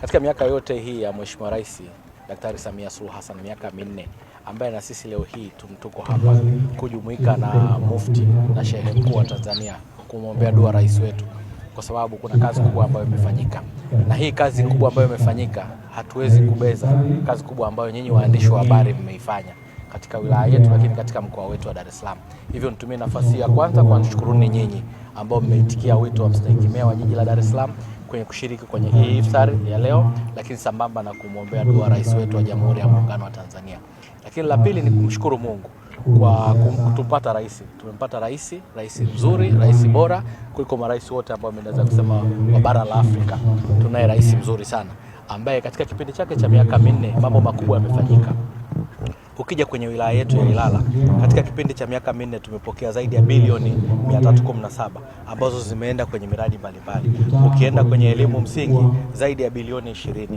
Katika miaka yote hii ya Mheshimiwa Rais Daktari Samia Suluhu Hassan, miaka minne ambaye na sisi leo hii tumtuko hapa kujumuika na mufti na shehe mkuu wa Tanzania kumwombea dua rais wetu, kwa sababu kuna kazi kubwa ambayo imefanyika, na hii kazi kubwa ambayo imefanyika hatuwezi kubeza kazi kubwa ambayo nyinyi waandishi wa habari mmeifanya katika wilaya yetu, lakini katika mkoa wetu wa Dar es Salaam. Hivyo nitumie nafasi ya kwanza kwa nishukuruni nyinyi ambao mmeitikia wito wa mstahiki meya wa jiji la Dar es Salaam kwenye kushiriki kwenye hii iftar ya leo, lakini sambamba na kumwombea dua rais wetu wa Jamhuri ya Muungano wa Tanzania. Lakini la pili ni kumshukuru Mungu kwa kutupata rais. Tumempata rais, rais mzuri, rais bora kuliko marais wote ambao naweza kusema wa bara la Afrika. Tunaye rais mzuri sana ambaye katika kipindi chake cha miaka minne mambo makubwa yamefanyika. Ukija kwenye wilaya yetu ya Ilala, katika kipindi cha miaka minne tumepokea zaidi ya bilioni 317 ambazo zimeenda kwenye miradi mbalimbali. Ukienda kwenye elimu msingi, zaidi ya bilioni 20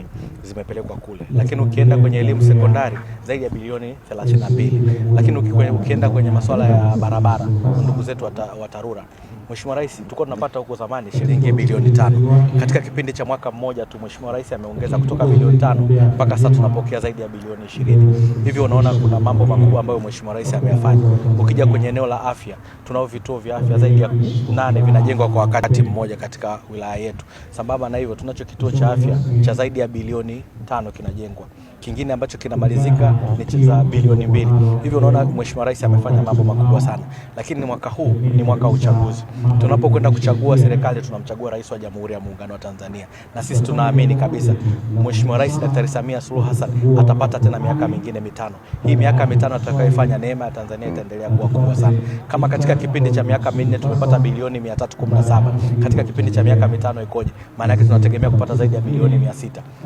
zimepelekwa kule, lakini ukienda kwenye elimu sekondari zaidi ya bilioni 32, lakini ukienda kwenye masuala ya barabara, ndugu zetu wa TARURA, Mheshimiwa Rais, tulikuwa tunapata huko zamani shilingi bilioni tano. Katika kipindi cha mwaka mmoja tu Mheshimiwa Rais ameongeza kutoka bilioni tano mpaka sasa tunapokea zaidi ya bilioni ishirini. Hivyo unaona kuna mambo makubwa ambayo Mheshimiwa Rais ameyafanya. Ukija kwenye eneo la afya, tunao vituo vya afya zaidi ya nane vinajengwa kwa wakati mmoja katika wilaya yetu. Sambamba na hivyo, tunacho kituo cha afya cha zaidi ya bilioni tano kinajengwa kingine ambacho kinamalizika ni za bilioni mbili. Hivyo unaona Mheshimiwa Rais amefanya mambo makubwa sana, lakini ni mwaka huu ni mwaka wa uchaguzi. Tunapokwenda kuchagua serikali, tunamchagua rais wa Jamhuri ya Muungano wa Tanzania, na sisi tunaamini kabisa Mheshimiwa Rais Daktari Samia Suluhu Hassan atapata tena miaka mingine mitano. Hii miaka mitano atakayofanya, neema ya Tanzania itaendelea kuwa kubwa sana. Kama katika kipindi cha miaka minne tumepata bilioni 317 katika kipindi cha miaka mitano ikoje? Maana yake tunategemea kupata zaidi ya bilioni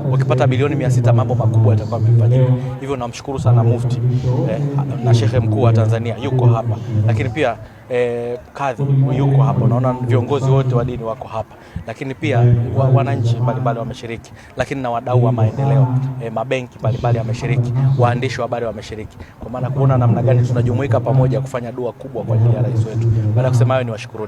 600. Ukipata bilioni 600 mambo makubwa ambayo amepatiwa. Hivyo namshukuru sana mufti eh, na shehe mkuu wa Tanzania yuko hapa, lakini pia eh, kadhi yuko hapa, naona viongozi wote wa dini wako hapa, lakini pia wa, wananchi mbalimbali wameshiriki, lakini na wadau wa maendeleo eh, mabenki mbalimbali wameshiriki, waandishi wa habari wameshiriki, kwa maana kuona namna gani tunajumuika pamoja kufanya dua kubwa kwa ajili ya rais wetu. Baada ya kusema hayo, ni washukuruni.